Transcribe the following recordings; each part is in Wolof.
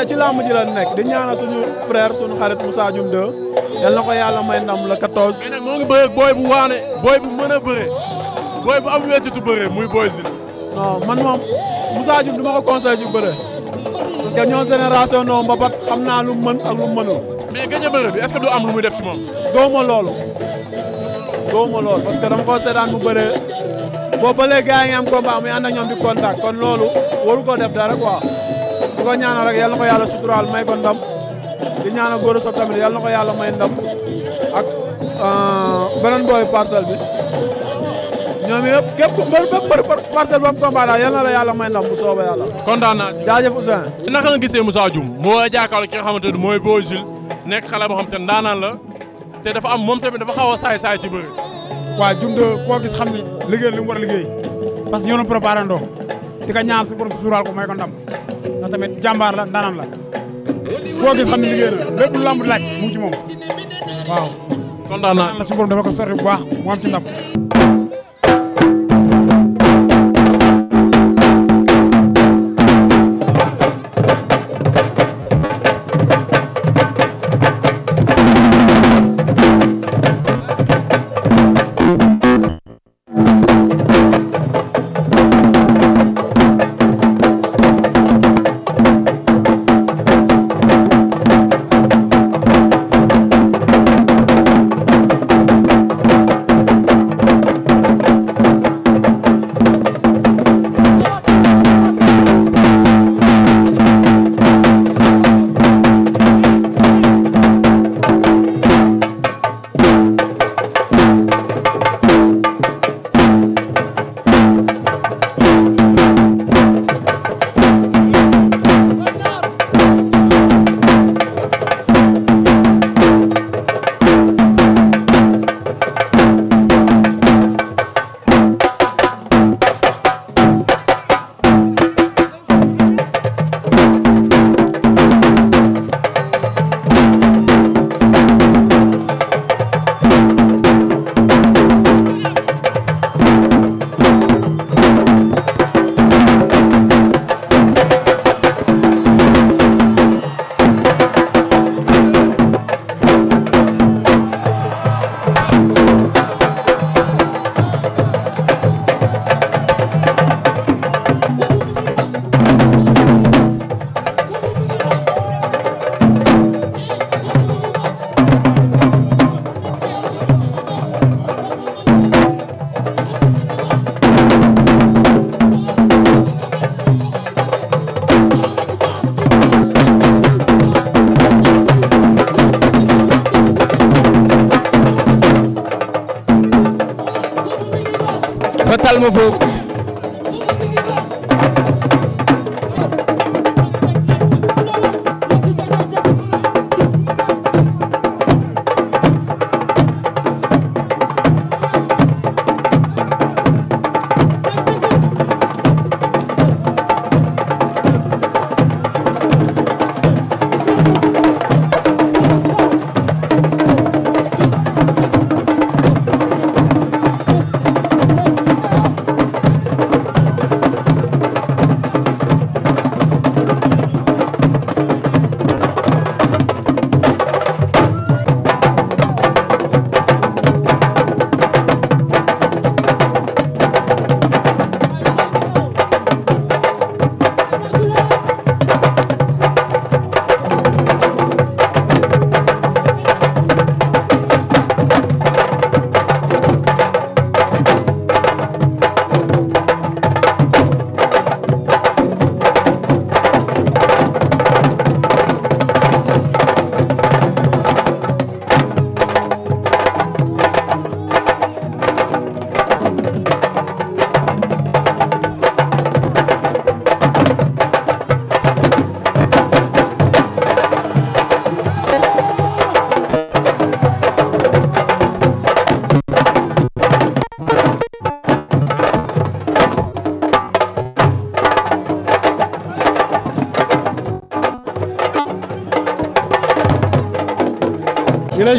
ne ci làmb ji la nekk di ñaanal suñu frère suñu xarit Moussa Dioum 2 yal na ko yàlla may ndam la 14. mais nag moo ngi bëre booy bu waane booy bu mën a bëre booy bu am wéccatu bëre muy booy si. non man moom Moussa Dioum du ma ko bëre parce que ñoom génération noonu ba bat xam naa lu mën ak lu mënul. mais a bëre bi est-ce que du am lu muy def ci moom. góob ma loolu. góob ma loolu parce que dama mu bëre boo ba léegi gars yi nga muy ànd ñoom di contact kon loolu waru ko di ko ñaanal rek ko yàlla suturaal may ko ndam di ñaanal góor soog ko yàlla may ndam ak euh, beneen booy parcelle bi ñoom yëpp képp mbër bépp mbër parcelle ba mu combat la yàlla may ndam bu soobee yàlla. kontaan naa jaajëf Ousseynou. naka nga gisee Moussa Dioum moo jàkkaarloo ki nga xamante ne mooy Boy Jules nekk xale boo xam te ndaanaan la te dafa am moom tamit dafa xaw a saay saay ci bëri. waaw Dioum de koo gis xam liggéey li a liggéey parce que ñoo doon préparé ndax tamit jàmbaar la ndaanaan la koo gis xam liggéey la lépp lu laaj mu waaw. kontaan naa la suñu borom dafa ko sori bu baax mu am ci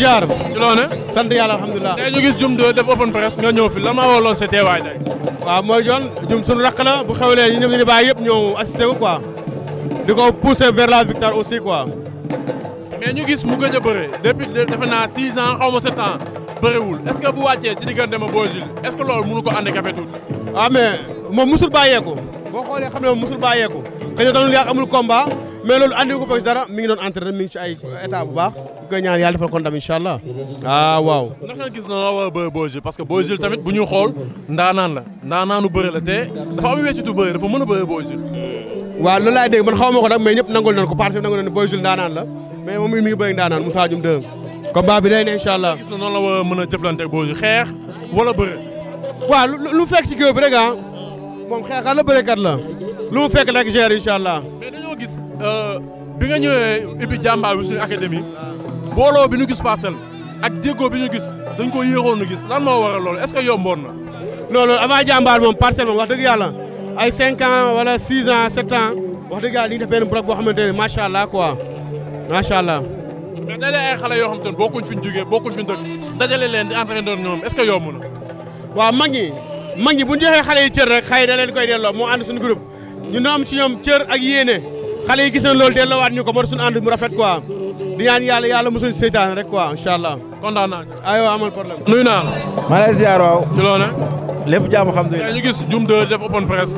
ziar. ci loone sant yàlla alhamdulilah. tey ñu gis Dioum 2 def open press nga ñëw fi la woloon sa teewaay tey. mooy joon Dioum sunu rakk la bu xewlee ñu ñëpp ñu di bàyyi yëpp di ko pousser vers la victoire aussi quoi. mais ñu gis mu gëj bëre defe naa 6 ans xaw ma 7 ans bëriwul est ce que bu wàccee ci diggante ma Boy Jules loolu mënu ko handicapé tuuti. waaw ah, mais moom musul bàyyeeku boo xoolee xam ne moom musul bàyyeeku xëy na dañu yàgg amul combat. mais loolu andi ko foog dara mi ngi doon entraîné mi ngi ci ay état bu baax ñu koy ñaan yàlla defal ko ndam incha allah ah, waaw ndax nga gis noonu waa bëri Boy Jules parce que Boy Jules tamit bu ñu xool ndaanaan la ndaanaanu bëri la te dafa am weccitu bëri dafa mën a bëri Boy Jules waaw loolu laay dégg man xaw ma ko nag mais ñëpp nangul nañ ko parce que nangul nañ ne Boy Jules ndaanaan la mais moom mi ngi bëri ndaanaan Moussa Dioum dëgg combat bi a a jëflante ak Boy Jules xeex wala bëri bi rek ah la bërekat la lu mu fekk gis euh, bi nga ñëwee ubbi jàmbaaru suñu académie bi ñu gis parcelle ak déggoo bi ñu gis dañ ko yéexoon nu gis lan moo waral loolu est yomboon na. non non avant jàmbaar moom parcelle moom wax dëgg yàlla ay 5 ans wala 6 ans 7 ans wax dëgg yàlla li ñu def benn bloc boo xamante ne macha allah quoi macha allah. mais dajale ay xale yoo xam te ne bokkuñ fi ñu jógee bokkuñ fi leen di entraîneur ñoom est-ce na. waaw mag ñi mag ñi bu ñu yi cër rek xale yi gis nañ loolu delloowaat ñu ko moo suñu ànd mu rafet quoi di ñaan yàlla yàlla mosuñ seytaan rek quoi incha allah. kontaan naa aywa amal problème. nuyu naa la. maa ngi lay ziar waaw. ci loolu nag. lépp jàmm xam nga. ñu gis Dioum 2 def open press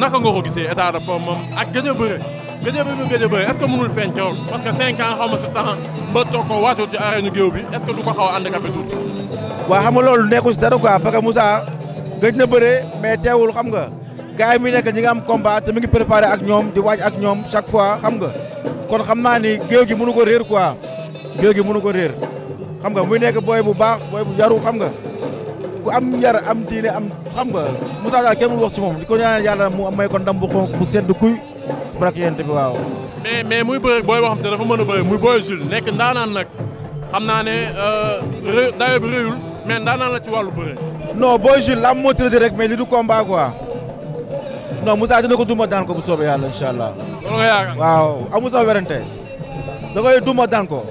naka nga ko gisee état de forme a bëre gëj a bëre gëj a bëre est ce que mënul feeñ coow parce que 5 ans xaw ma sa temps ba toog ko waatoo ci arène géew bi est ce ko xaw a handicapé tuuti. waaw xam nga loolu nekkul si dara quoi parce que gëj na bëre mais teewul xam nga gars yi mi nekk ñi nga am combat te mi ngi préparé ak ñoom di waaj ak ñoom chaque fois xam nga kon xam naa ni géew gi mënu ko réer quoi géew gi mënu ko réer xam nga muy nekk booy bu baax booy bu yaru xam nga ku am yar am diine am xam nga Moussa daal kenn mënul wax si moom di ko ñaanal yàlla mu may kon ndam bu xonk bu sedd kuy su barak yéen bi waaw mais mais muy bëre booy boo xam te dafa mën a bëre muy booy Jules nekk ndaanaan nag xam naa ne euh, dayo bi réyul mais ndaanaan la ci wàllu bëre non booy Jules la moo tëdd rek mais li du combat quoi non Moussa dina ko duma daan ko bu soobee yàlla incha allah. waaw amul ah, sax werante. da koy duma daan ko.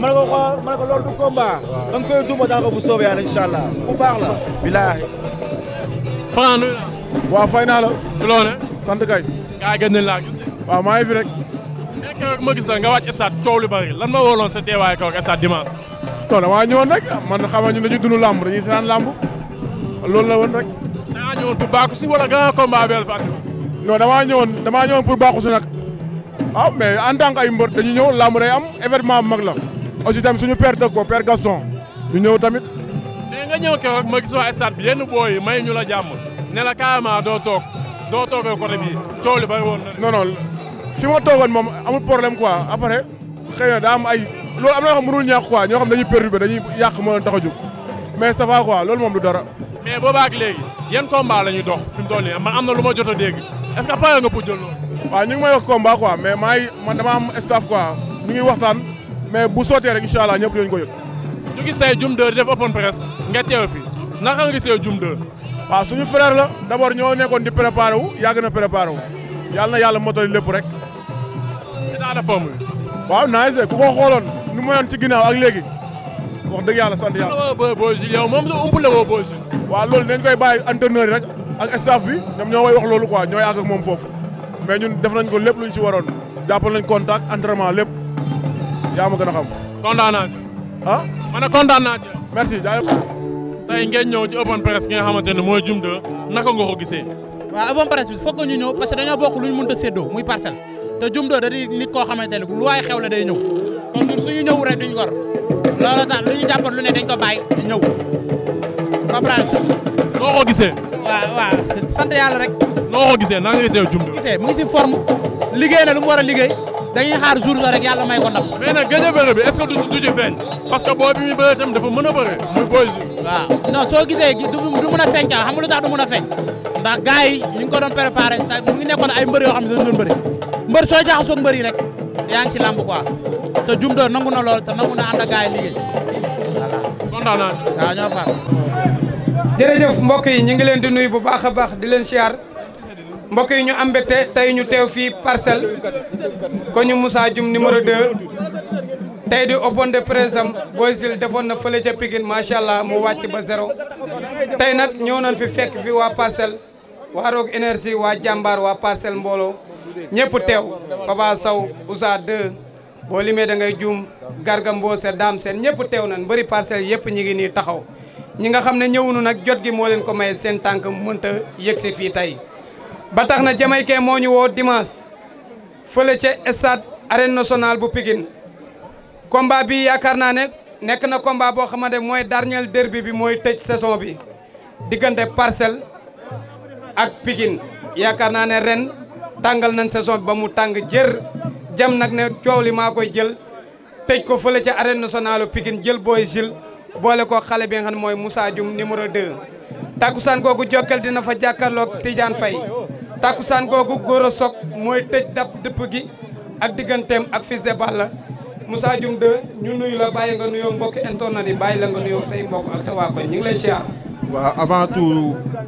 mën ko xool mën ko loolu du combat. waaw ko bu soobee yàlla incha allah ku baax la. bilaahi. Franc nuyu naa. waaw fay kay. gaa yi ma gis la nga wàcc stade sa teewaay keroog stade dimanche. rek man xam nga ñun dañuy dund làmb dañuy seetaan làmb loolu la woon rek. ñëwoon pour baaxu si wala grand combat bel fàtte non damaa ñëwoon damaa ñëwoon pour baaxu si nag waaw ah, mais en tant que ay mbër dañu ñëw làmb day am événement mag la aussi tamit suñu père dëkk ko père Gaston ñu ñëw tamit mais nga ñëw keroog ma gis waa stade bi yenn booy may ñu la jàmm ne la doo toog doo toogee côté bi coow li bari woon na non non fi ma toogoon moom amul problème quoi après xëy na daa am ay loolu am na yoo xam mënul ñàkk quoi ñoo xam dañuy perturbé dañuy yàq moo leen tax a mais ça va loolu moom du dara. mais boobaa ak léegi yan combat la ñuy dox fi mu toll am na lu ma jot a dégg est ce que pare nga pour jël loolu. waaw ñu ngi may wax combat quoi mais maa ngi man dama am staff quoi ñu ngi waxtaan mais bu sootee rek incha allah ñëpp dinañ ko yëg. ñu gis tey Dioum 2 di def open press nga teew naka nga gisee Dioum 2. waaw suñu frère la d' abord ñoo nekkoon di préparé wu yàgg na préparé wu yàlla na yàlla motali lépp rek. état de forme bi. waaw naaj xooloon nu mu mënoon ci ak léegi. wax dëgg yàlla sant yàlla. yow moom la umpule woo Boy Jules. waaw loolu nañ koy bàyyi entraîneur yi rek ak staff bi ñoom ñoo way wax loolu quoi ñooy àgg ak moom foofu mais ñun def nañ ko lépp luñ si waroon jàppal nañ contact entraînement lépp yaa ma gën a xam. kontaan naa ci. ah ma ne kontaan naa ci. merci jaayëf. tey ngeen ñëw ci open press gi nga xamante ne mooy Jume 2 naka nga ko gisee. waaw open press bi foog ñu ñëw parce que dañoo bokk lu ñu mënut a séddoo muy parcelle te Jume 2 da ne lu waay xew la day ñëw kon ñun suñu ñëw loolu tax lu ñu jàppoon lu ne dañ ko bàyyi di ñëw comprendre noo yàlla rek noo ko gisee naa nga gisee jumtu gisee mu ngi si forme liggéey na lu mu war a liggéey dañuy xaar jour la rek yàlla may ko ndam mais nag gëj a bëre bi est que du du parce que boo bi muy bëree tam dafa mën a bëre muy booy waaw non soo gisee du mën a feeñ ka xam nga lu tax du mën a feeñ ndax gars yi ñu ngi ko doon préparé mu ngi nekkoon ay mbër yoo xam ne dañu doon bëri mbër soo jaxasoo ak mbër yi rek yaa ngi ci làmb quoi te Jumdo nangu na lool te nangu na ànd ak gars yi liggéey jërëjëf mbokk yi ñu ngi leen di nuyu bu baax a baax di leen siyaar mbokk yi ñu am mbégte tey ñu teew fii parcelle ko ñu Moussa Dioum numéro 2 tey di open de presse am Boy defoon na fële ca Pikine macha allah mu wàcc ba zéro tey nag ñëw nañ fi fekk fi waa parcelle waa Rock Énergie waa jàmbaar waa parcelle mbooloo ñëpp teew Papa Sow Ousa 2 boo limee da ngay juum garga mboose daam seen ñëpp teew nañ mbëri parcelles yëpp ñi ngi nii taxaw ñi nga xam ne ñëwunu nag jot gi moo leen ko maye seen tànk mënta si fii tey ba tax na jamaykee moo ñu woo dimanche fële ca stade arène nationale bu Pikine combat bi yaakaar naa ne nekk na combat boo xamante mooy dernier derby bi mooy tëj saison bi diggante parcelle ak pigin yaakaar naa ne ren tàngal nañ saison bi ba mu tàng jër jam nag ne coow li maa koy jël tëj ko fële ca arène nationale Pikine jël booy sil boole ko xale bi nga xam ne mooy Moussa Dioum numéro 2. takkusaan googu Jokal dina fa jàkkaarloog Tidiane Faye takkusaan googu Gora Sock mooy tëj dab dëpp gi ak digganteem ak Fils de Balla Moussa Dioum 2 ñu nuyu la bàyyi nga nuyoo mbokk internet yi bàyyi la nga nuyoo say mbokk ak sa waa koy ñu ngi lay ziar. waaw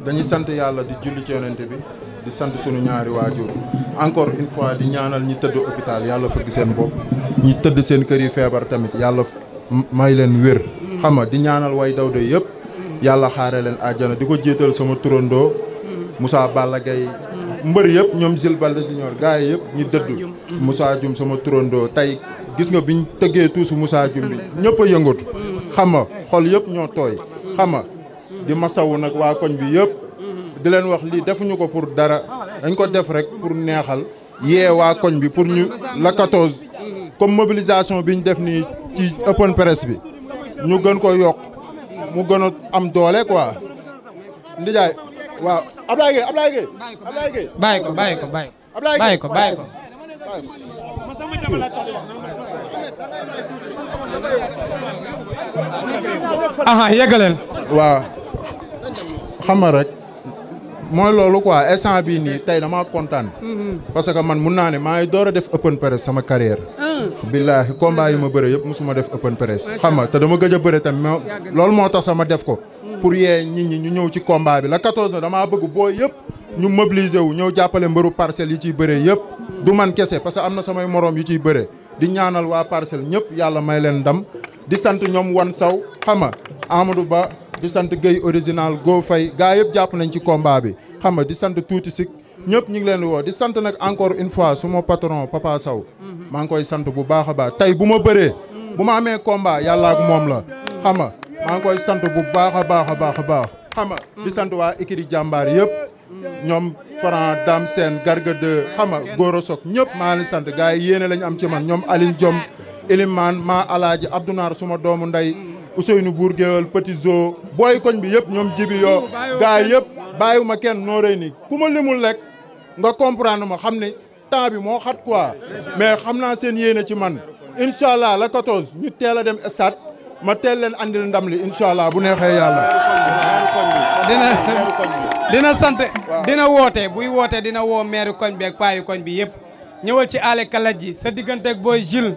dañuy sant yàlla di julli ci yonent bi. di sant sunu ñaari waajur encore une fois di ñaanal ñi tëdd hôpital yàlla fëgg seen bopp ñi tëdd seen kër yi feebar tamit yàlla may leen wér xam nga di ñaanal way dawde yëpp yàlla xaare leen àjjana di ko jiital sama turandoo Moussa Balla gay mbër yëpp ñoom Gilles Balde Junior gars yi yëpp ñi dëdd mm-hmm. Moussa Dioum sama turandoo tey gis nga bi biñ tëggee tuusu Moussa jum bi ñëpp a yëngatu mm-hmm. xam nga xol yëpp ñoo tooy xam nga di masawu nag waa koñ bi yëpp di leen wax lii defuñu ko pour dara dañ ko def rek pour neexal yee waa koñ bi pour ñu la 14 comme mobilisation bi ñu def nii ci open press bi ñu gën ko yokk mu gën a am doole quoi ndijaay waaw ko bàyyi ko bàyyi ko bàyyi ko bàyyi ko aha yeggaleel waaw mooy loolu quoi instant bii nii tey damaa kontaan. Mhm. parce que man mun naa ne maa ngi door a def open press sama carrière. billaahi combat yi ma bëre yëpp musuma def open press. xam nga te dama gëj a bëre tamit mais loolu moo tax sama def ko. Mm. pour yee nit ñi ñu ñëw ci combat bi la 14 damaa bëgg booy yëpp. ñu mobiliser wu ñëw jàppale mbëru parcelles yi ciy bëree yëpp. Mm. du man kese parce que am na samay moroom yu ciy bëre. di ñaanal waa parcelle ñëpp yàlla may leen ndam. di sant ñoom wan saw xam di sant Guèye original goo Faye gaa yëpp jàpp nañ ci combat bi xam nga di sant tuuti sik ñëpp ñu ngi leen di woo di sant nag encore une fois ma patron Papa Sow maa ngi koy sant bu baax a baax tey bu ma bëree bu ma amee combat yàlla moom la xam nga maa sant bu baax a baax a baax a baax xam nga di sant waa écurie jàmbaar yëpp ñoom Franc Dame seen Garga 2 xam nga Goro Sok ñëpp maa leen sant gars yéene lañu am ci man ñoom Aline Diom Elimane maa alaaji Abdounar ma doomu ndey Ousseynou Bour Géwél Petit Zo booy koñ bi yëpp ñoom jibi yoo gaa yëpp bàyyiwuma kenn noo rëy nii ku ma limul rek nga comprendre ma xam ne temps bi moo xat quoi mais xam naa seen yéene ci man incha allah la 14 ñu teel a dem stade ma teel leen andil ndam li incha allah bu neexee yàlla. dina dina sant dina woote buy woote dina woo meeru koñ bi ak paayu koñ bi yëpp ñëwal ci ale kalaj ji sa digganteeg booy Gilles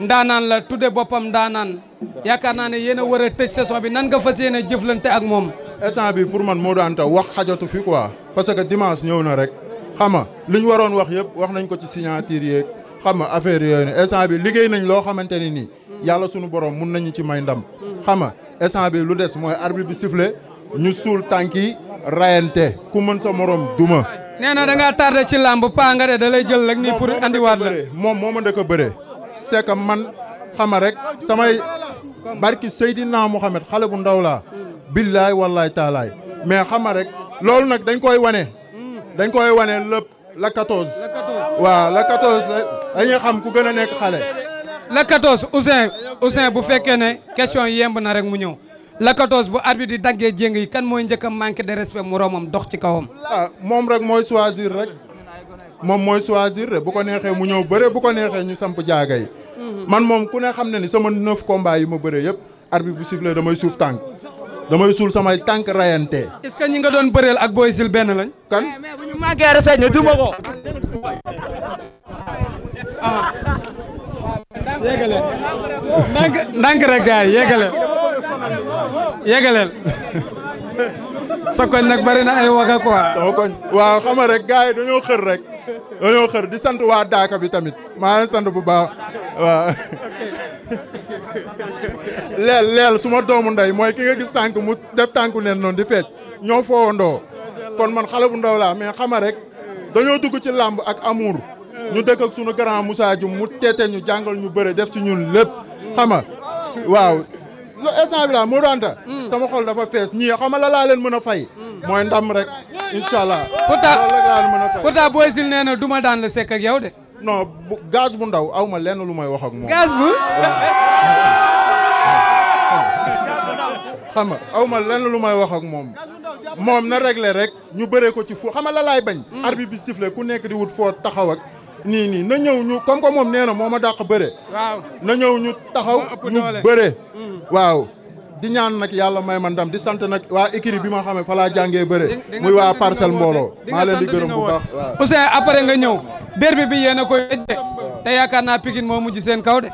ndaanaan la tudde boppam ndaanaan yaakaar naa ne yéen a war a tëj bi nan nga fas yéene jëflante ak moom. instant bi pour man moo daan Anta wax xajatu fi quoi parce que dimanche ñëw na rek xam nga li ñu waroon wax yëpp wax nañ ko ci signature yeeg xam nga affaire yooyu ne instant bi liggéey nañ loo xamante ni nii. yàlla sunu boroom mun nañu ci may ndam. xama nga instant bi lu des mooy arbitre bi sifflé ñu suul tànk yi rayante ku mën sa moroom duma. nee na da ngaa tardé ci làmb paa nga de da lay jël rek nii pour andiwaat moom moo ma dëkk a bëree. c'est que man xama rek barki naa Mohamed xale bu ndaw laa. billaay wallaay taalaay. mais xama rek loolu nag dañ koy wane. dañ koy wane lépp la waa waaw la 14 la dañuy xam ku gën a nekk xale. la 14 Ousseyn Ousseyn bu fekkee ne question yemb na rek mu ñëw. la bu arbitre di daggee jéng yi kan mooy njëkk a manqué de respect moroomam dox ci kawam. ah moom rek mooy choisir rek. moom mooy choisir rek bu ko neexee mu ñëw bëre bu ko neexee ñu samp jaaga yi. man moom ku ne xam na ni sama neuf combats yi ma bëree yëpp arbitre bu sifflé damay suuf tànk damay suul samay tànk rayante. est-ce ñi nga doon bëreel ak Boy benn lañ. kan bu ñu màggee rek sañ duma ko. yéegale ndànk yi yéegale sa koñ nag bari na ay waga quoi. sama koñ rek gars yi dañoo xër rek. dañoo xër di sant waa daaka bi tamit maa ngi sant bu baax waaw leel leel su ma doomu ndey mooy ki nga gis sànq mu def tànku neen noonu di feej ñoo foowandoo kon man xale bu ndaw laa mais xama rek dañoo dugg ci làmb ak amour ñu dëkk ak sunu grand Moussa Dioum mu teete ñu jàngal ñu bëre def ci ñun lépp xama waaw lo instant bi daal Modou hmm. sama xol dafa fees ñii xam nga laa leen mën a fay hmm. mooy ndam rek incha allah pourtant loolu rek laa leen a nee na du ma daan la sekk ak yow de non gaz bu ndaw aw ma lenn lu may wax ak moom aw ma lenn lu may wax moom moom na réglé rek ñu bëree ko ci fu xama nga la laay bañ hmm. arbitre bi sifle ku nekk di wut foo taxaw ak nii nii na ñëw ñu comme moom nee na moo ma dàq bëre. na ñëw ñu taxaw ñu bëre. Mm. waaw di ñaan nag yàlla may ma ndam di sant nag waa écurie bi ma xamee fa laa jàngee bëre. muy waa parcelle mbooloo. maa leen di gërëm bu baax waaw. Ousseyn nga ñëw. derby bi yéen a koy de te yaakaar naa Pikine moo mujj seen kaw de.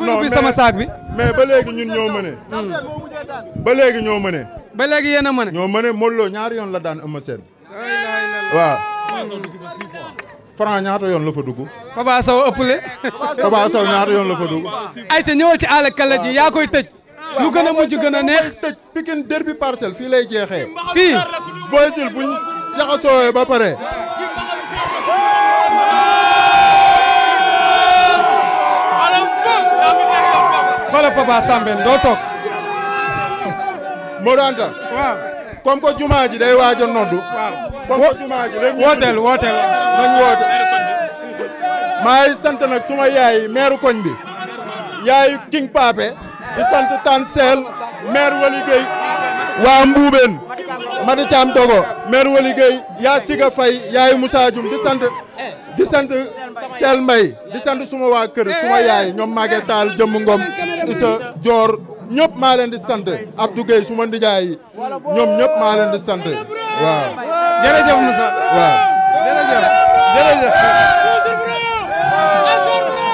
non mais sama saak bi. mais ba léegi ñun ñoo mëne. Mm. ba léegi ñoo mëne. ba léegi yéen a mëne. ñoo mëne Modou Lo ñaari yoon la daan Eumeu Sène. waaw. Mm. Franc ñaata yoon la fa dugg. Papa Sow ëppale. Papa ñaata yoon la fa dugg. ayca ci àll kala ji yaa koy tëj. lu gën a mujj gën a neex tëj Pikine derby parcelle fii lay jeexee. fii Boy Sil buñ jaxasoowee ba pare. xoolal Papa Sambène doo toog. Modou Anta waaw. comme que jumaa ji day waaj noddu. comme que jumaa ji wooteel wooteel nañ woote. maa ngi sant nag suma yaay maire koñ bi. yaayu King Pape. di sant Tane Seel maire Waly waa Mbuubeen. Madi Thiam Dogo maire Waly yaa Siga Faye yaayu di sant. Seel Mbaye di sant suma waa kër suma yaay ñoom Maguette Tall jëmm Ngom ñëpp maa leen di sant Abdou Gueye suma ma ndijaay ñoom ñëpp maa leen di sant waaw. jërëjëf Moussa waaw jërëjëf jërëjëf.